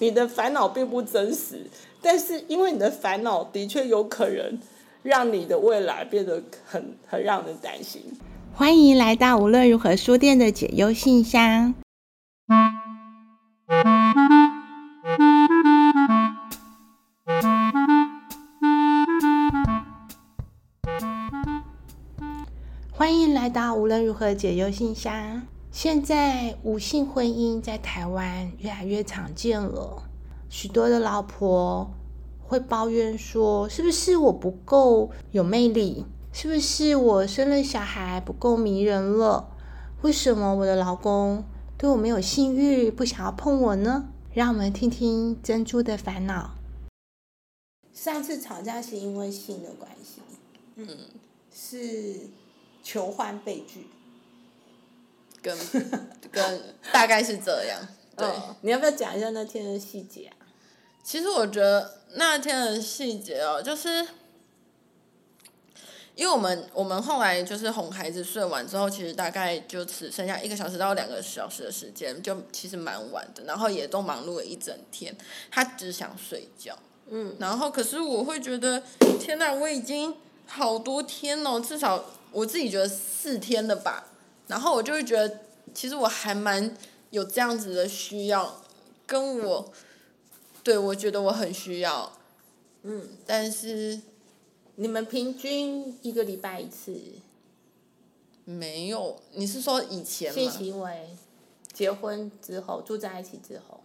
你的煩惱並不真實，但是因為你的煩惱的確有可能讓你的未來變得很很讓人擔心。歡迎來到無論如何書店的解憂信箱。歡迎來到無論如何解憂信箱。現在無性婚姻在台灣越來越常見了，許多的老婆會抱怨說：“是不是我不夠有魅力？是不是我生了小孩不夠迷人了？為什麼我的老公對我沒有性慾，不想要碰我呢？”讓我們聽聽珍珠的煩惱。上次吵架是因為性的關係，嗯，是求歡被拒。跟跟大概是這樣，對，Okay. 你要不要講一下那天的細節啊？其實我覺得那天的細節哦，就是因為我們我們後來就是哄孩子睡完之後，其實大概就只剩下一個小時到兩個小時的時間，就其實蠻晚的。然後也都忙碌了一整天，他只想睡覺，嗯，然後可是我會覺得，天吶、啊，我已經好多天了、哦，至少我自己覺得四天了吧，然後我就會覺得。其實我還蠻有這樣子的需要，跟我，對，我覺得我很需要，嗯，但是你們平均一個禮拜一次，沒有？你說以前嗎？是因為結婚之後住在一起之後，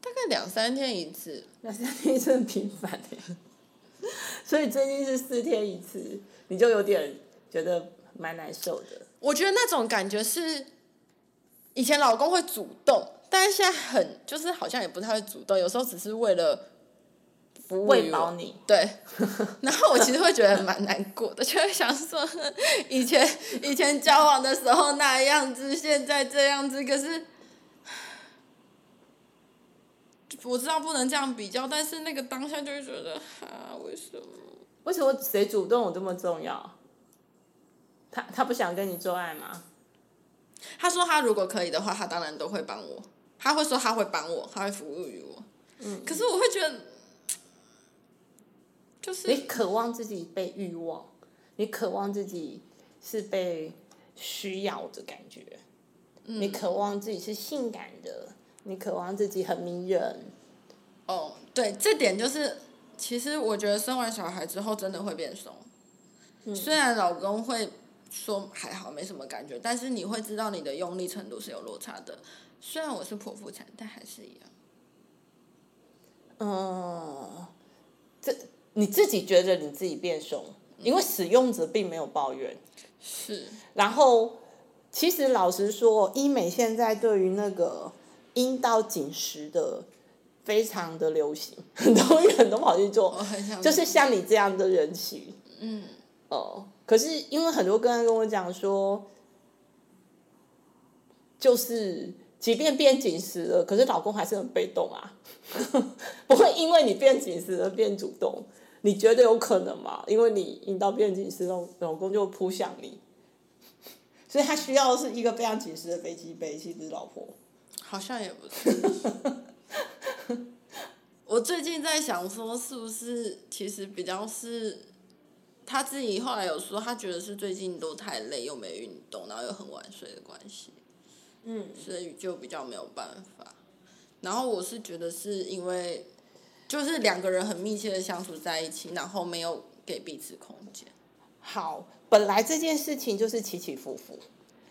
大概兩三天一次，兩三天一次很頻繁的。所以最近是四天一次，你就有點覺得蠻難受的。我覺得那種感覺是。以前老公會主動，但是現在很就是好像也不太會主動，有時候只是為了，餵飽你對，然後我其實會覺得蠻難過的， 就會想說以前以前交往的時候那樣子，現在這樣子，可是我知道不能這樣比較，但是那個當下就會覺得啊，為什麼為什麼誰主動有這麼重要？他他不想跟你做愛嗎？他說他如果可以的話，他當然都會幫我。他會說他會幫我，他會服務於我。嗯，可是我會覺得，就是你渴望自己被欲望，你渴望自己是被需要的感覺，嗯、你渴望自己是性感的，你渴望自己很迷人。哦，對，這點就是，其實我覺得生完小孩之後真的會變鬆，嗯、雖然老公會。說還好沒什麼感覺，但是你會知道你的用力程度是有落差的。雖然我是剖腹產，但還是一樣。嗯，這你自己覺得你自己變鬆，嗯、因為使用者並沒有抱怨。是。然後，其實老實說，醫美現在對於那個陰道緊實的非常的流行，很多人都跑去做。哦、就是像你這樣的人群。嗯。哦、嗯。可是因為很多跟人跟我講說，就是即便變緊實了，可是老公還是很被動啊， 不會因為你變緊實而變主動，你覺得有可能嗎？因為你陰道變緊實了，老公就撲向你，所以他需要的是一個非常緊實的飛機杯，其實老婆，好像也不是。 我最近在想說，是不是其實比較是。他自己後來有說，他覺得是最近都太累，又沒運動，然後又很晚睡的關係，嗯，所以就比較沒有辦法。然後我是覺得是因為，就是兩個人很密切的相處在一起，然後沒有給彼此空間。好，本來這件事情就是起起伏伏，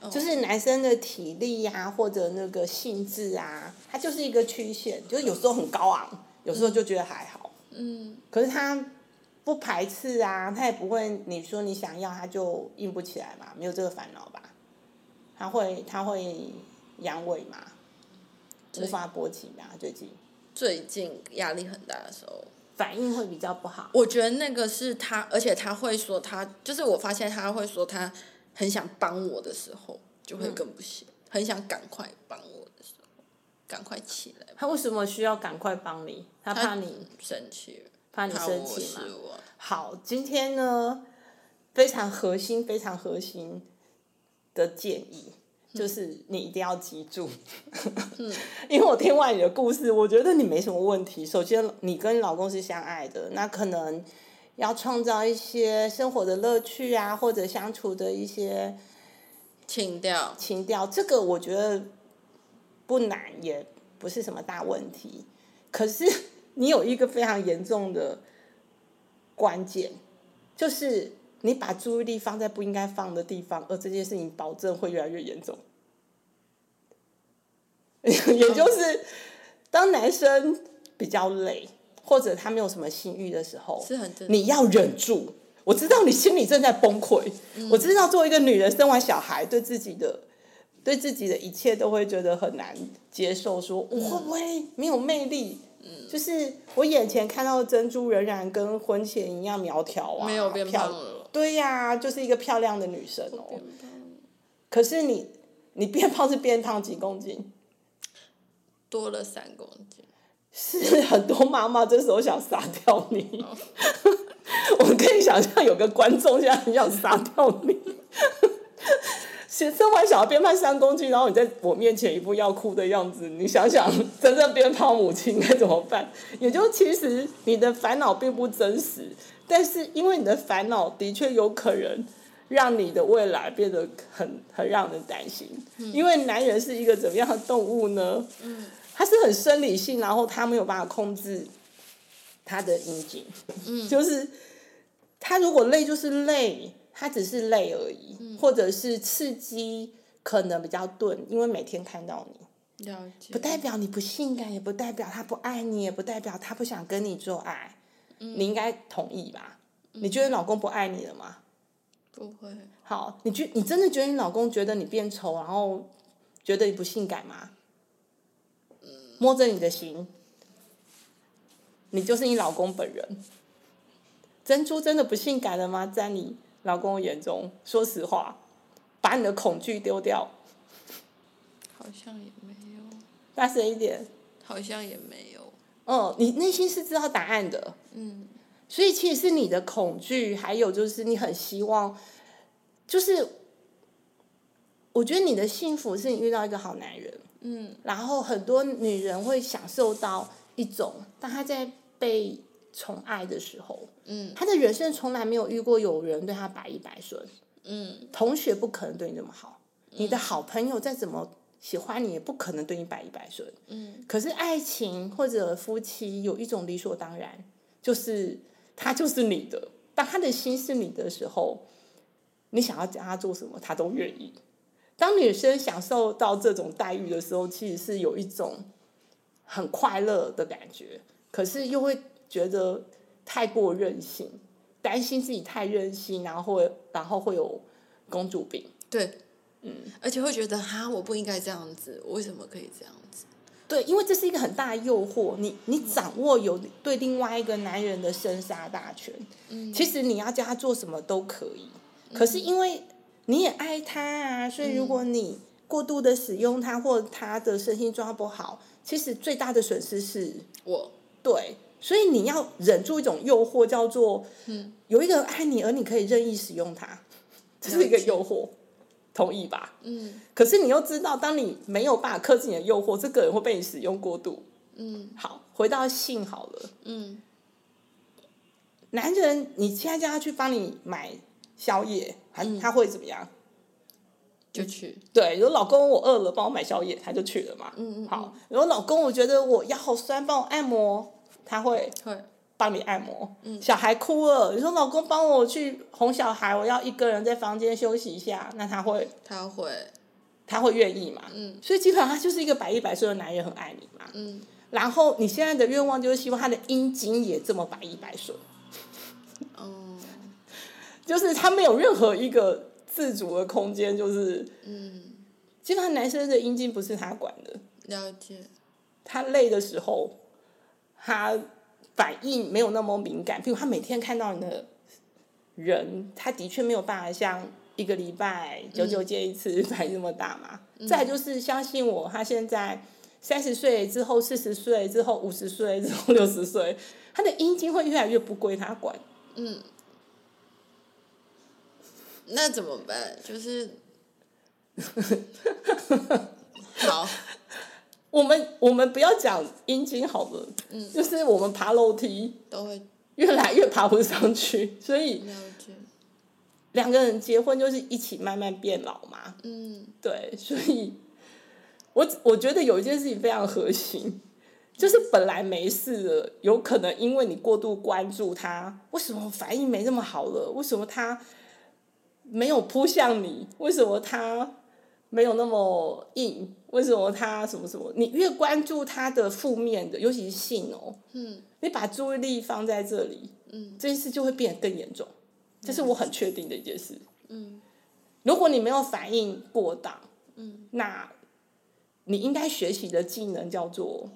嗯，就是男生的體力呀，啊，或者那個性質啊，他就是一個曲線，就是有時候很高昂，嗯，有時候就覺得還好，嗯，可是他。不排斥啊，他也不會你說你想要他就硬不起來嘛，沒有這個煩惱吧？他會他會陽痿嗎？對無法勃起嗎？最近最近壓力很大的時候，反應會比較不好。我覺得那個是他，而且他會說他就是我發現他會說他很想幫我的時候就會更不行，嗯、很想趕快幫我的時候，趕快起來。他為什麼需要趕快幫你？他怕你他、嗯、生氣。怕你生氣、啊，我我好，今天呢，非常核心、非常核心的建議、嗯、就是你一定要記住。嗯、因為我聽完你的故事，我覺得你沒什麼問題。首先，你跟老公是相愛的，那可能要創造一些生活的樂趣啊，或者相處的一些情調、情調，這個我覺得不難，也不是什麼大問題。可是。你有一個非常嚴重的關鍵，就是你把注意力放在不應該放的地方，而這件事情保證會越來越嚴重。也就是，當男生比較累或者他沒有什麼性欲的時候，你要忍住，我知道你心裡正在崩潰。我知道，做為一個女人，生完小孩，對自己的、對自己的一切都會覺得很難接受。說我會不會沒有魅力？嗯、就是我眼前看到的珍珠仍然跟婚前一樣苗條啊，沒有變漂亮了。對呀、啊，就是一個漂亮的女生哦。可是你，你變胖是變胖幾公斤？多了三公斤。是很多媽媽這時候想殺掉你。哦、 我可以想象有個觀眾現在很想殺掉你。 生完小孩變胖三公斤，然後你在我面前一副要哭的樣子，你想想真正變胖母親該怎麼辦？也就其實你的煩惱並不真實，但是因為你的煩惱的確有可能讓你的未來變得很很讓人擔心。嗯、因為男人是一個怎麼樣的動物呢？他、嗯、是很生理性，然後他沒有辦法控制他的陰莖。嗯、就是他如果累就是累。他只是累而已，嗯、或者是刺激可能比較鈍，因為每天看到你，了解，不代表你不性感，也不代表他不愛你，也不代表他不想跟你做愛。嗯、你應該同意吧？嗯、你覺得老公不愛你了嗎？不會。好，你覺你真的覺得你老公覺得你變醜，然後覺得你不性感嗎？摸着你的心，你就是你老公本人。珍珠真的不性感了嗎？在你。老公眼中，說實話，把你的恐懼丟掉。好像也沒有。大聲一點。好像也沒有。嗯、哦，你內心是知道答案的。嗯。所以，其實你的恐懼，還有就是你很希望，就是，我覺得你的幸福是你遇到一個好男人。嗯。然後，很多女人會享受到一種，當她在被。寵愛的時候，嗯，他的人生從來沒有遇過有人對他百依百順，嗯，同學不可能對你那麼好，嗯，你的好朋友再怎麼喜歡你，也不可能對你百依百順，嗯，可是愛情或者夫妻有一種理所當然，就是他就是你的，當他的心是你的時候，你想要叫他做什麼，他都願意。當女生享受到這種待遇的時候，其實是有一種很快樂的感覺，可是又會。覺得太過任性，擔心自己太任性，然後然後會有公主病。對，嗯，而且會覺得哈，我不應該這樣子，我為什麼可以這樣子？對，因為這是一個很大的誘惑，你你掌握有對另外一個男人的生殺大權。嗯，其實你要叫他做什麼都可以，嗯、可是因為你也愛他啊，所以如果你過度的使用他，嗯、或他的身心狀況不好，其實最大的損失是我。對。所以你要忍住一種誘惑，叫做有一個人愛你而你可以任意使用它。嗯、這是一個誘惑，去同意吧？嗯。可是你又知道，當你沒有辦法克制你的誘惑，這個人會被你使用過度。嗯。好，回到性好了。嗯。男人，你現在叫他去幫你買宵夜，還、嗯、他會怎麼樣？就去。對，如果老公，我餓了，幫我買宵夜，他就去了嘛。嗯嗯。好，如果老公，我覺得我腰好酸，幫我按摩。他會幫你按摩，嗯、小孩哭了，你說老公幫我去哄小孩，我要一個人在房間休息一下，那他會，他會，他會願意嘛？嗯，所以基本上他就是一個百依百順的男人，很愛你嘛。嗯，然後你現在的願望就是希望他的陰莖也這麼百依百順，哦、嗯， 就是他沒有任何一個自主的空間，就是嗯，基本上男生的陰莖不是他管的，了解，他累的時候。他反應沒有那麼敏感，譬如他每天看到你的人，他的確沒有辦法像一個禮拜久久見一次反應那麼大嘛。嗯、再來就是相信我，他現在三十歲之後、四十歲之後、五十歲之後歲、六十歲，他的陰莖會越來越不歸他管。嗯，那怎麼辦？就是， 好。我們我們不要講陰莖好了，嗯、就是我們爬樓梯都會越來越爬不上去，所以兩個人結婚就是一起慢慢變老嘛。嗯，對，所以，我我覺得有一件事情非常核心，就是本來沒事的，有可能因為你過度關注他，為什麼反應沒那麼好了？為什麼他沒有撲向你？為什麼他？沒有那麼硬，為什麼他什麼什麼？你越關注他的負面的，尤其是性哦，嗯、你把注意力放在這裡，嗯、這件事就會變得更嚴重，這是我很確定的一件事。嗯、如果你沒有反應過當，嗯、那你應該學習的技能叫做，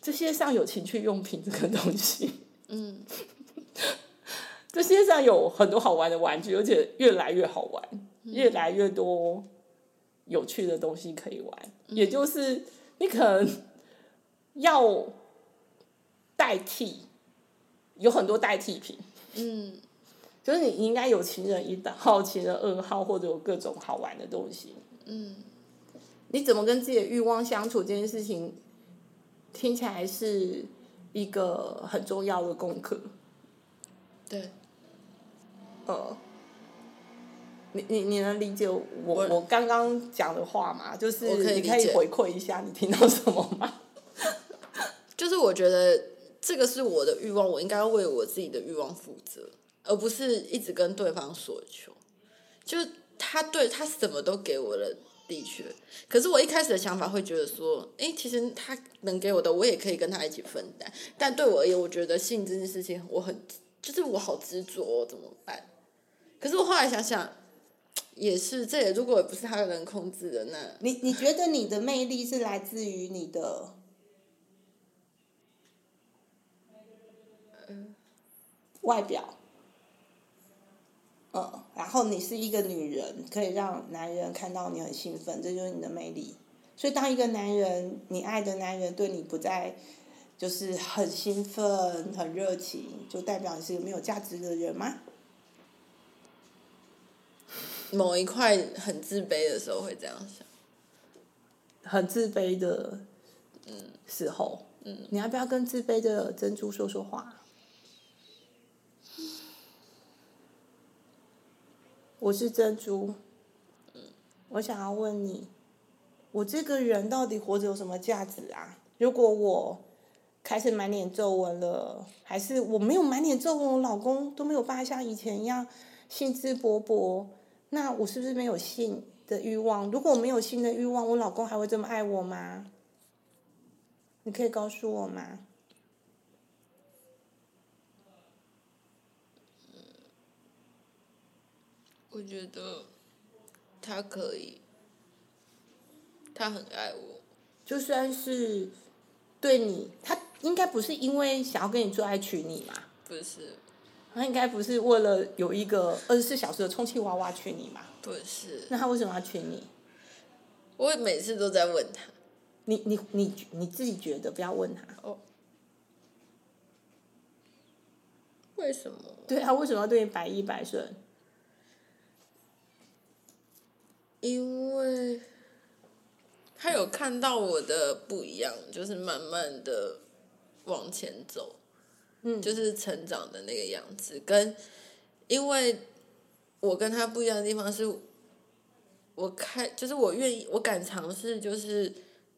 這些上有情趣用品，這世界上有情趣用品這個東西，嗯、 這些上有很多好玩的玩具，這世界上有很多好玩的玩具，而且越來越好玩。越來越多有趣的東西可以玩，嗯、哼也就是你可能要代替，有很多代替品。嗯，就是你應該有情人一道，好，情人二號，或者有各種好玩的東西。嗯，你怎麼跟自己的慾望相處這件事情，聽起來是一個很重要的功課。對。呃。你你你能理解我我剛剛講的話嗎？就是你可以回饋一下你聽到什麼嗎？ 就是我覺得這個是我的慾望，我應該為我自己的慾望負責，而不是一直跟對方索求。就他對他什麼都給我的的確，可是我一開始的想法會覺得說，哎、欸，其實他能給我的，我也可以跟他一起分擔。但對我而言，我覺得性這件事情，我很就是我好執着、哦，怎麼辦？可是我後來想想。也是，這也如果不是他的人控制的那……你你覺得你的魅力是來自於你的外表？嗯，然後你是一個女人，可以讓男人看到你很興奮，這就是你的魅力。所以，當一個男人，你愛的男人對你不再就是很興奮、很熱情，就代表你是一個沒有價值的人嗎？某一塊很自卑的時候會這樣想，很自卑的，嗯，時候，嗯，你要不要跟自卑的珍珠說說話？我是珍珠，嗯，我想要問你，我這個人到底活着有什麼價值啊？如果我開始滿臉皺紋了，還是我沒有滿臉皺紋，我老公都沒有辦法像以前一樣興致勃勃。那我是不是沒有性的慾望？如果我沒有性的慾望，我老公還會這麼愛我嗎？你可以告訴我嗎？我覺得他可以，他很愛我。就算是對你，他應該不是因為想要跟你做愛娶你嘛？不是。他應該不是為了有一個二十四小時的充氣娃娃娶你吧？不是。那他為什麼要娶你？我也每次都在問他。你你你你自己覺得，不要問他。哦。為什麼？對，他為什麼要對你百依百順？因為，他有看到我的不一樣，嗯、就是慢慢的往前走。嗯、就是成長的那個樣子，跟，因為我跟他不一樣的地方是，我開就是我願意我敢嘗試就是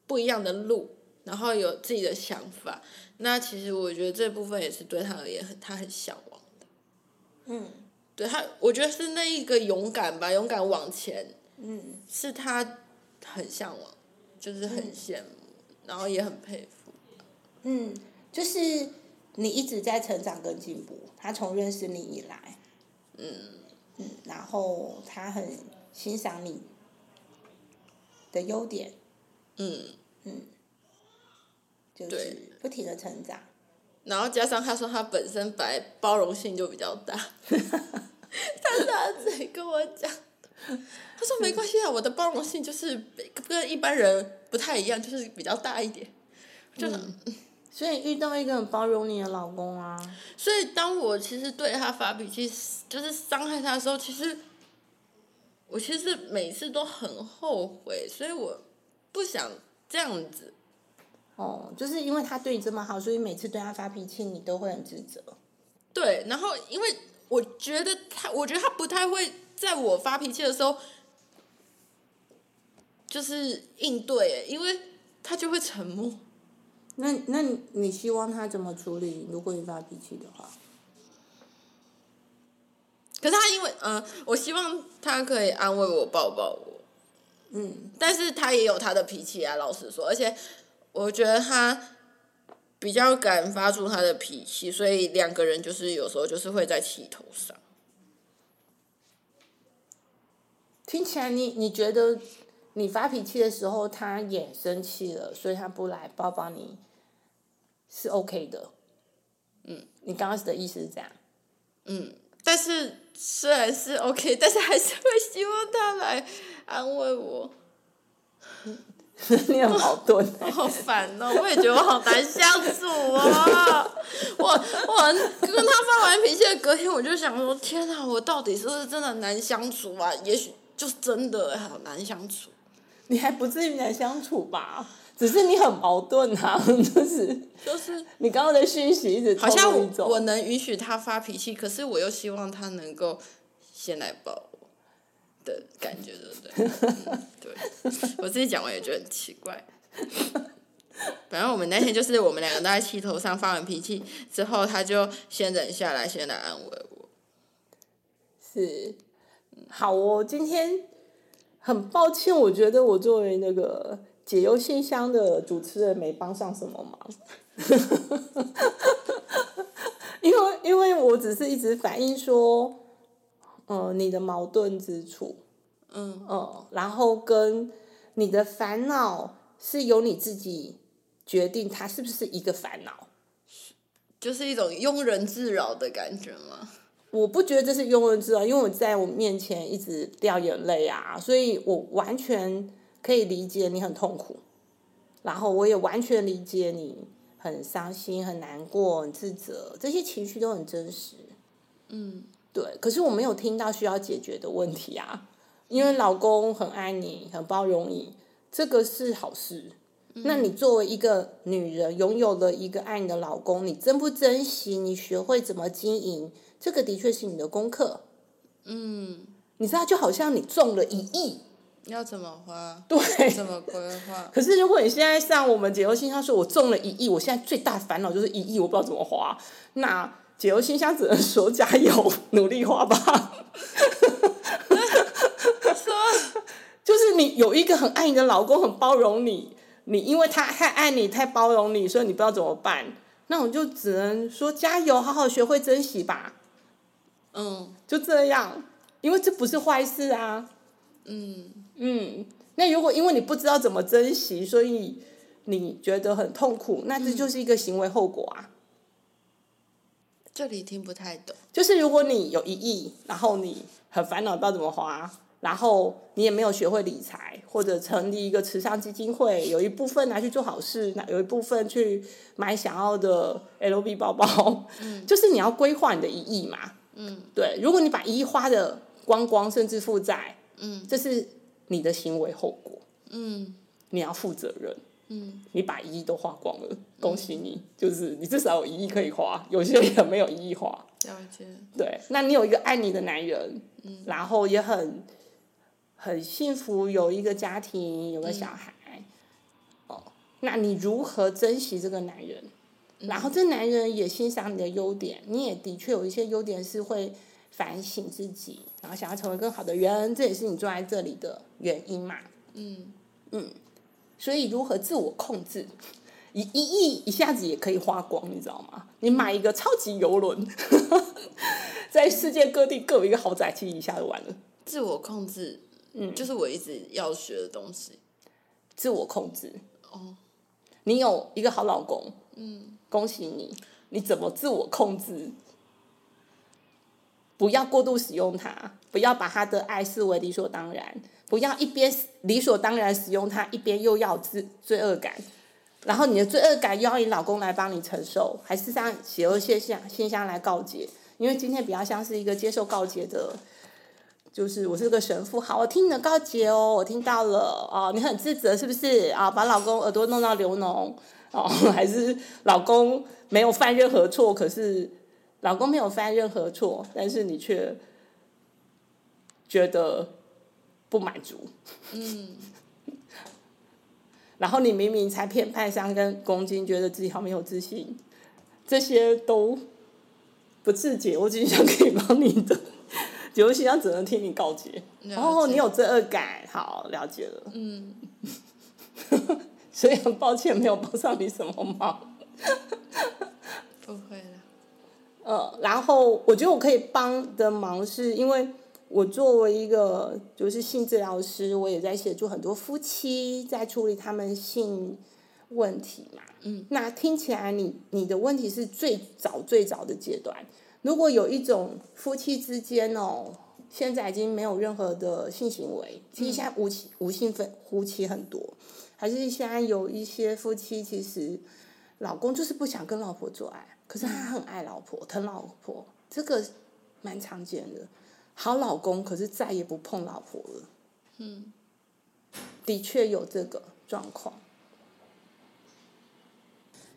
不一樣的路，然後有自己的想法。那其實我覺得這部分也是對他而言，他很嚮往的。嗯，對他，我覺得是那一個勇敢吧，勇敢往前。嗯，是他很嚮往，就是很羨慕，嗯、然後也很佩服。嗯，就是。你一直在成長跟進步，他從認識你以來，嗯嗯，然後他很欣賞你的優點，嗯嗯，就是不停的成長。然後加上他說他本身本來包容性就比較大， 他那天跟我講，他說沒關係啊，嗯、我的包容性就是跟一般人不太一樣，就是比較大一點，真的。嗯所以遇到一個很包容你的老公啊。所以當我其實對他發脾氣，就是傷害他的時候，其實我其實每次都很後悔，所以我不想這樣子。哦，就是因為他對你這麼好，所以每次對他發脾氣，你都會很自責。對，然後因為我覺得他，我覺得他不太會在我發脾氣的時候，就是應對，因為他就會沉默。那那你希望他怎麼處理？如果你發脾氣的話，可是他因為呃，我希望他可以安慰我，抱抱我。嗯，但是他也有他的脾氣啊，老實說，而且我覺得他比較敢發出他的脾氣，所以兩個人就是有時候就是會在氣頭上。聽起來你你覺得你發脾氣的時候他也生氣了，所以他不來抱抱你。是 OK 的，嗯，你剛開始的意思是這樣，嗯，但是雖然是 OK，但是還是會希望他來安慰我。你有矛盾耶。我好煩哦！我也覺得我好難相處啊！ 我我跟他發完脾氣的隔天我就想說：天哪，我到底是不是真的難相處啊？也許就是真的好難相處。你還不至於難相處吧？只是你很矛盾啊，就是就是你剛剛的訊息一直好像我能允許他發脾氣，可是我又希望他能夠先來抱我的感覺，對不對？ 嗯、對，我自己講完也覺得很奇怪。反正 我們那天就是我們兩個都在氣頭上，發完脾氣之後，他就先忍下來，先來安慰我。是，好哦，今天很抱歉，我覺得我作為那個。解憂信箱的主持人沒幫上什麼忙， 因為因為我只是一直反映說，嗯、呃，你的矛盾之處，嗯哦、呃，然後跟你的煩惱是由你自己決定，它是不是一個煩惱，就是一種庸人自擾的感覺嗎？我不覺得這是庸人自擾，因為我在我面前一直掉眼淚啊，所以我完全可以理解你很痛苦，然後我也完全理解你很傷心、很難過、很自責，這些情緒都很真實。嗯，對。可是我沒有聽到需要解決的問題啊，因為老公很愛你、很包容你，這個是好事。嗯、那你作為一個女人，擁有了一個愛你的老公，你珍不珍惜？你學會怎麼經營？這個的確是你的功課。嗯，你知道，就好像你中了一億。要怎麼花？對，怎麼規劃？可是如果你現在像我們解憂信箱說，我中了一億，我現在最大的煩惱就是一億，我不知道怎麼花。那解憂信箱只能說加油，努力花吧。說 就是你有一個很愛你的老公，很包容你，你因為他太愛你，太包容你，所以你不知道怎麼辦。那我就只能說加油，好好學會珍惜吧。嗯，就這樣，因為這不是壞事啊。嗯。嗯，那如果因為你不知道怎麼珍惜，所以你覺得很痛苦，那這就是一個行為後果啊。嗯、這裡聽不太懂。就是如果你有一億，然後你很煩惱到怎麼花，然後你也沒有學會理財，或者成立一個慈善基金會，有一部分拿去做好事，那有一部分去買想要的 LV 包包，嗯、就是你要規劃你的一億嘛。嗯，對。如果你把一億花的光光，甚至負債，嗯，這是。你的行為後果，嗯，你要負責任，嗯，你把一億都花光了，恭喜你，嗯、就是你至少有一億可以花，有些人也沒有一億花，了解，對，那你有一個愛你的男人，嗯、然後也很，很幸福，有一個家庭，有個小孩，嗯、哦，那你如何珍惜這個男人？嗯、然後這男人也欣賞你的優點，你也的確有一些優點是會。反省自己，然後想要成為更好的人，這也是你坐在這裡的原因嘛？嗯嗯，所以如何自我控制？一一億一下子也可以花光，你知道嗎？你買一個超級郵輪，嗯、 在世界各地各有一個豪宅，就一下就完了。自我控制，嗯，就是我一直要學的東西。自我控制，哦，你有一個好老公，嗯，恭喜你。你怎麼自我控制？不要過度使用他，不要把他的愛視為理所當然，不要一邊理所當然使用他，一邊又要自罪惡感，然後你的罪惡感又要以老公來幫你承受，還是像邪惡現象現象來告解？因為今天比較像是一個接受告解的，就是我是個神父，好，我聽你的告解哦，我聽到了，哦，你很自責是不是？啊、哦，把老公耳朵弄到流膿，哦，還是老公沒有犯任何錯，可是。老公沒有犯任何錯，但是你卻覺得不滿足。嗯。然後你明明才偏派傷跟公斤，覺得自己好沒有自信，這些都不自解。我只想可以幫你的，我些想只能聽你告解。然後解、哦、你有罪惡感，好了解了。嗯。 所以很抱歉沒有幫上你什麼忙。呃，然後我覺得我可以幫的忙，是因為我作為一個就是性治療師，我也在協助很多夫妻在處理他們性問題嘛。嗯，那聽起來你你的問題是最早最早的階段。如果有一種夫妻之間哦，現在已經沒有任何的性行為，其實現在無、嗯、無性分夫妻很多，還是現在有一些夫妻其實老公就是不想跟老婆做愛。可是他很愛老婆，疼老婆，這個蠻常見的。好老公，可是再也不碰老婆了。嗯，的確有這個狀況。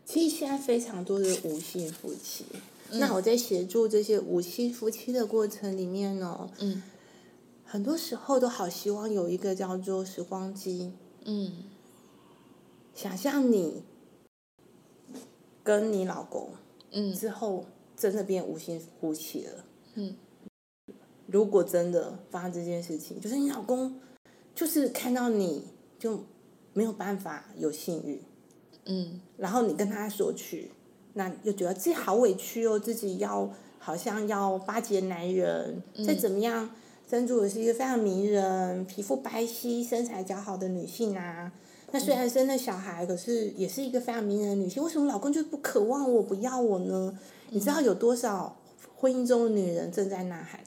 其實現在非常多的無性夫妻，嗯，那我在協助這些無性夫妻的過程裡面呢，哦，嗯，很多時候都好希望有一個叫做時光機。嗯，想象你跟你老公。之後真的變無心呼吸了。嗯，如果真的發生這件事情，就是你老公就是看到你就沒有辦法有性欲，嗯，然後你跟他說去，那又覺得自己好委屈哦，自己要好像要巴結男人，嗯、再怎麼樣，珍珠也是一個非常迷人、皮膚白皙、身材姣好的女性啊。那雖然生了小孩，嗯，可是也是一個非常迷人的女性。為什麼老公就不渴望我，不要我呢？嗯，你知道有多少婚姻中的女人正在吶喊，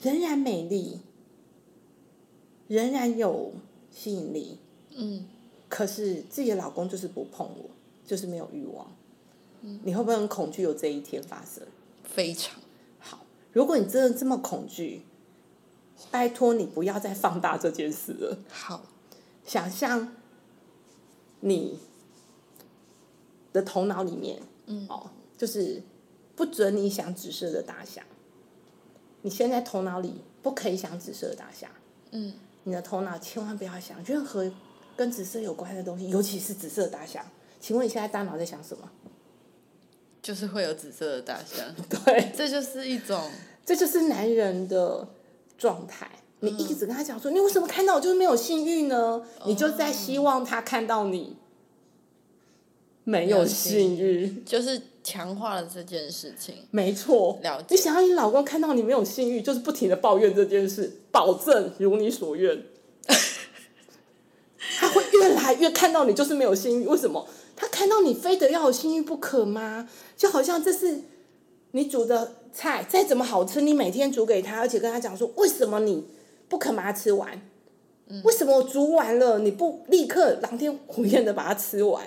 仍然美麗，仍然有吸引力。嗯，可是自己的老公就是不碰我，就是沒有慾望。你會不會很恐懼有這一天發生？非常好。如果你真的這麼恐懼，拜託你不要再放大這件事了。好。想象你的頭腦裡面，嗯、哦，就是不准你想紫色的大象。你現在頭腦裡不可以想紫色的大象。嗯，你的頭腦千萬不要想任何跟紫色有關的東西，尤其是紫色的大象。請問你現在大腦在想什麼？就是會有紫色的大象。 對，這就是一種，這就是男人的狀態。你一直跟他講說，嗯、你為什麼看到我就是沒有性欲呢？嗯、你就在希望他看到你沒有性欲，就是強化了這件事情。沒錯錯，了解你想要你老公看到你沒有性欲，就是不停的抱怨這件事，保證如你所願， 他會越來越看到你就是沒有性欲，為什麼？他看到你非得要有性欲不可嗎？就好像這是你煮的菜，再怎麼好吃，你每天煮給他，而且跟他講說，為什麼你？不肯把它吃完，嗯，為什麼我煮完了你不立刻狼吞虎嚥的把它吃完？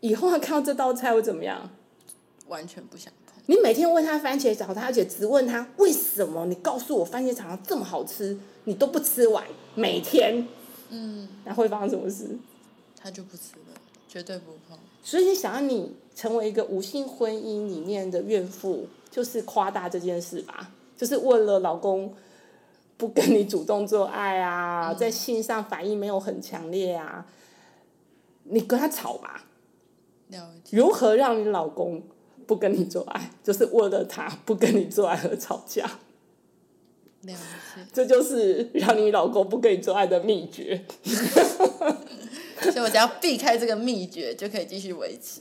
以後他看到這道菜會怎麼樣？完全不想看你。每天問他番茄炒蛋，而且只問他為什麼你告訴我番茄炒蛋這麼好吃，你都不吃完，每天，嗯，那會發生什麼事？他就不吃了，絕對不碰。所以想要你成為一個無性婚姻裡面的怨婦，就是誇大這件事吧，就是為了老公，不跟你主動做愛啊，在性上反應沒有很強烈啊，嗯，你跟他吵吧。了解。如何讓你老公不跟你做愛？就是為了他不跟你做愛而吵架。了解。這就是讓你老公不跟你做愛的秘訣。 所以，我只要避開這個秘訣，就可以繼續維持。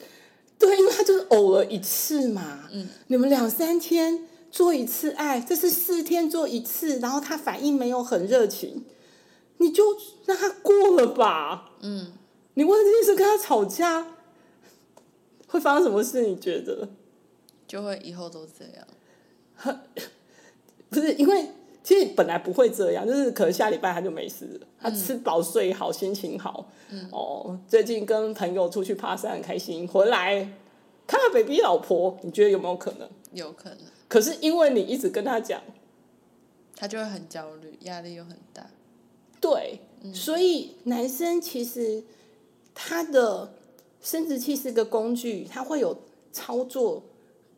對，因為他就是偶爾一次嘛。嗯。你們兩三天。做一次愛、哎，這是四天做一次，然後他反應沒有很熱情，你就讓他過了吧。嗯，你問這件事跟他吵架會發生什麼事？你覺得？就會以後都這樣？呵，不是，因為其實本來不會這樣，就是可能下禮拜他就沒事了，他吃飽睡好，心情好。嗯、哦，最近跟朋友出去爬山很開心，回來看到 baby 老婆，你覺得有沒有可能？有可能。可是因為你一直跟他講，他就會很焦慮，壓力又很大。對，嗯、所以男生其實他的生殖器是個工具，他會有操作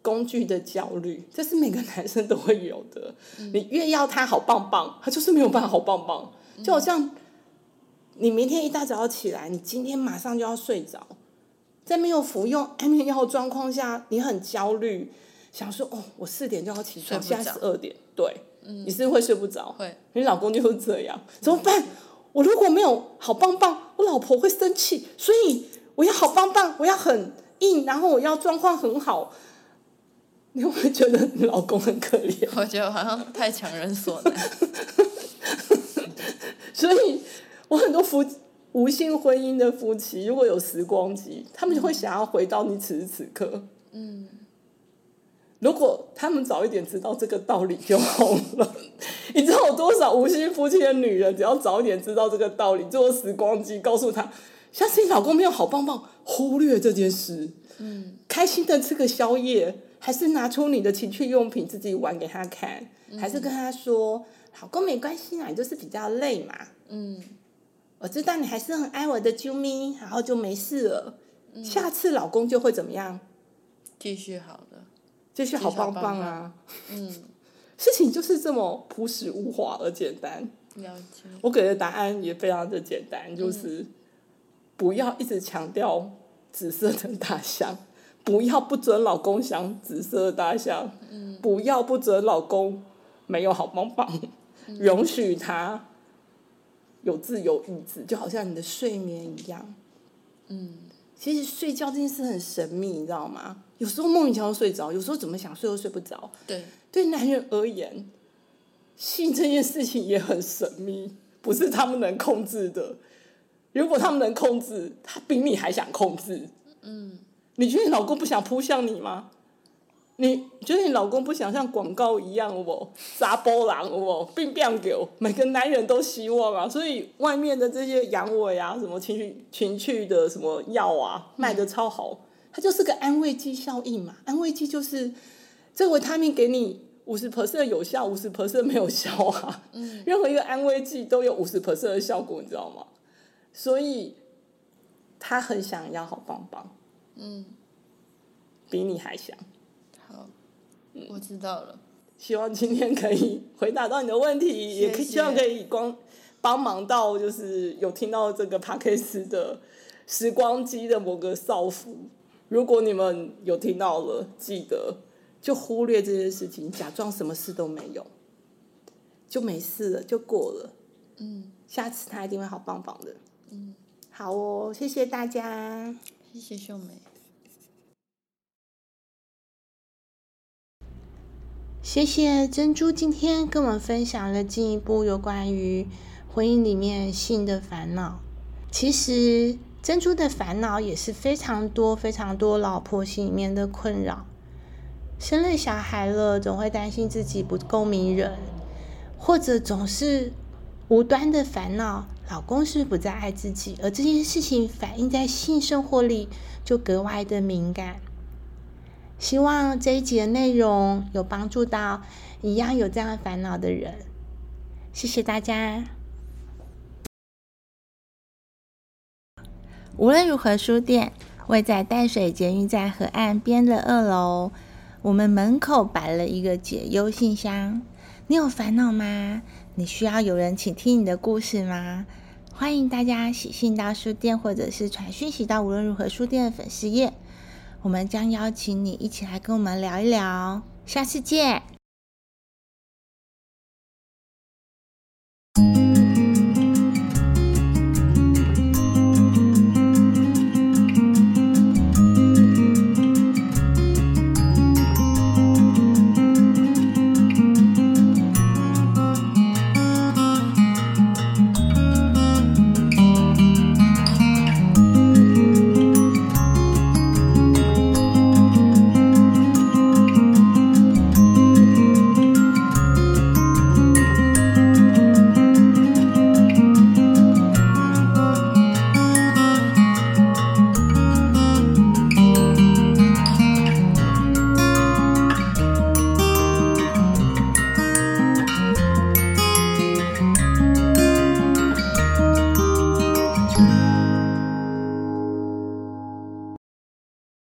工具的焦慮，這是每個男生都會有的。嗯、你越要他好棒棒，他就是沒有辦法好棒棒。就好像你明天一大早要起來，你今天馬上就要睡着，在沒有服用安眠藥的狀況下，你很焦慮。想說哦，我四點就要起床，現在十二點，對，嗯、你是不是會睡不着，會你老公就會這樣，怎麼辦？嗯、我如果沒有好棒棒，我老婆會生氣，所以我要好棒棒，我要很硬，然後我要狀況很好。你會不會覺得你老公很可憐？我覺得好像太強人所難。 所以我很多夫無性婚姻的夫妻，如果有時光機，他們就會想要回到你此時此刻。嗯。嗯如果他們早一點知道這個道理就好了， 你知道有多少無心夫妻的女人，只要早一點知道這個道理，坐時光機告訴他，下次你老公沒有好棒棒，忽略這件事，嗯，開心的吃個宵夜，還是拿出你的情趣用品自己玩給他看，還是跟他說，嗯、老公沒關係啊，你就是比較累嘛，嗯，我知道你還是很愛我的啾咪，然後就沒事了，嗯、下次老公就會怎麼樣？繼續好的。這些好棒棒啊！嗯，事情就是這麼樸實無華而簡單。了解。我給的答案也非常的簡單，就是不要一直強調紫色的大象，不要不准老公想紫色的大象，不要不准老公沒有好棒棒，容許他有自由意志，就好像你的睡眠一樣。嗯，其實睡覺這件事很神秘，你知道嗎？有時候莫名其妙睡着，有時候怎麼想睡都睡不着。對，對男人而言，性這件事情也很神秘，不是他們能控制的。如果他們能控制，他比你還想控制。嗯，你覺得你老公不想撲向你嗎？你覺得你老公不想像廣告一樣有無？撒波浪有無？變變流，每個男人都希望啊。所以外面的這些陽痿啊，什麼情趣情趣的什麼藥啊，賣的超好。嗯它就是個安慰劑效應嘛？安慰劑就是這個維他命給你五十 percent 有效，五十 percent 沒有效啊。嗯，任何一個安慰劑都有五十 percent 的效果，你知道嗎？所以他很想要好棒棒，嗯，比你還想。好，我知道了，嗯。希望今天可以回答到你的問題，謝謝也可希望可以光幫忙到就是有聽到這個帕克斯的時光機的某個少婦。如果你們有聽到了，記得就忽略這些事情，假裝什麼事都沒有，就沒事了，就過了。嗯，下次他一定會好棒棒的。嗯，好哦，謝謝大家，謝謝秀美，謝謝珍珠，今天跟我們分享了進一步有關於婚姻裡面性的煩惱。其實。珍珠的煩惱也是非常多，非常多老婆心裡面的困擾，生了小孩了，總會擔心自己不夠迷人，或者總是無端的煩惱，老公是不是不再愛自己，而這件事情反映在性生活裡就格外的敏感。希望這一集的內容有幫助到一樣有這樣的煩惱的人，謝謝大家。無論如河書店位在淡水捷運在河岸邊的二樓，我們門口擺了一個解憂信箱。你有煩惱嗎？你需要有人傾聽你的故事嗎？歡迎大家寫信到書店，或者是傳訊息到無論如河書店的粉絲頁，我們將邀請你一起來跟我們聊一聊。下次見。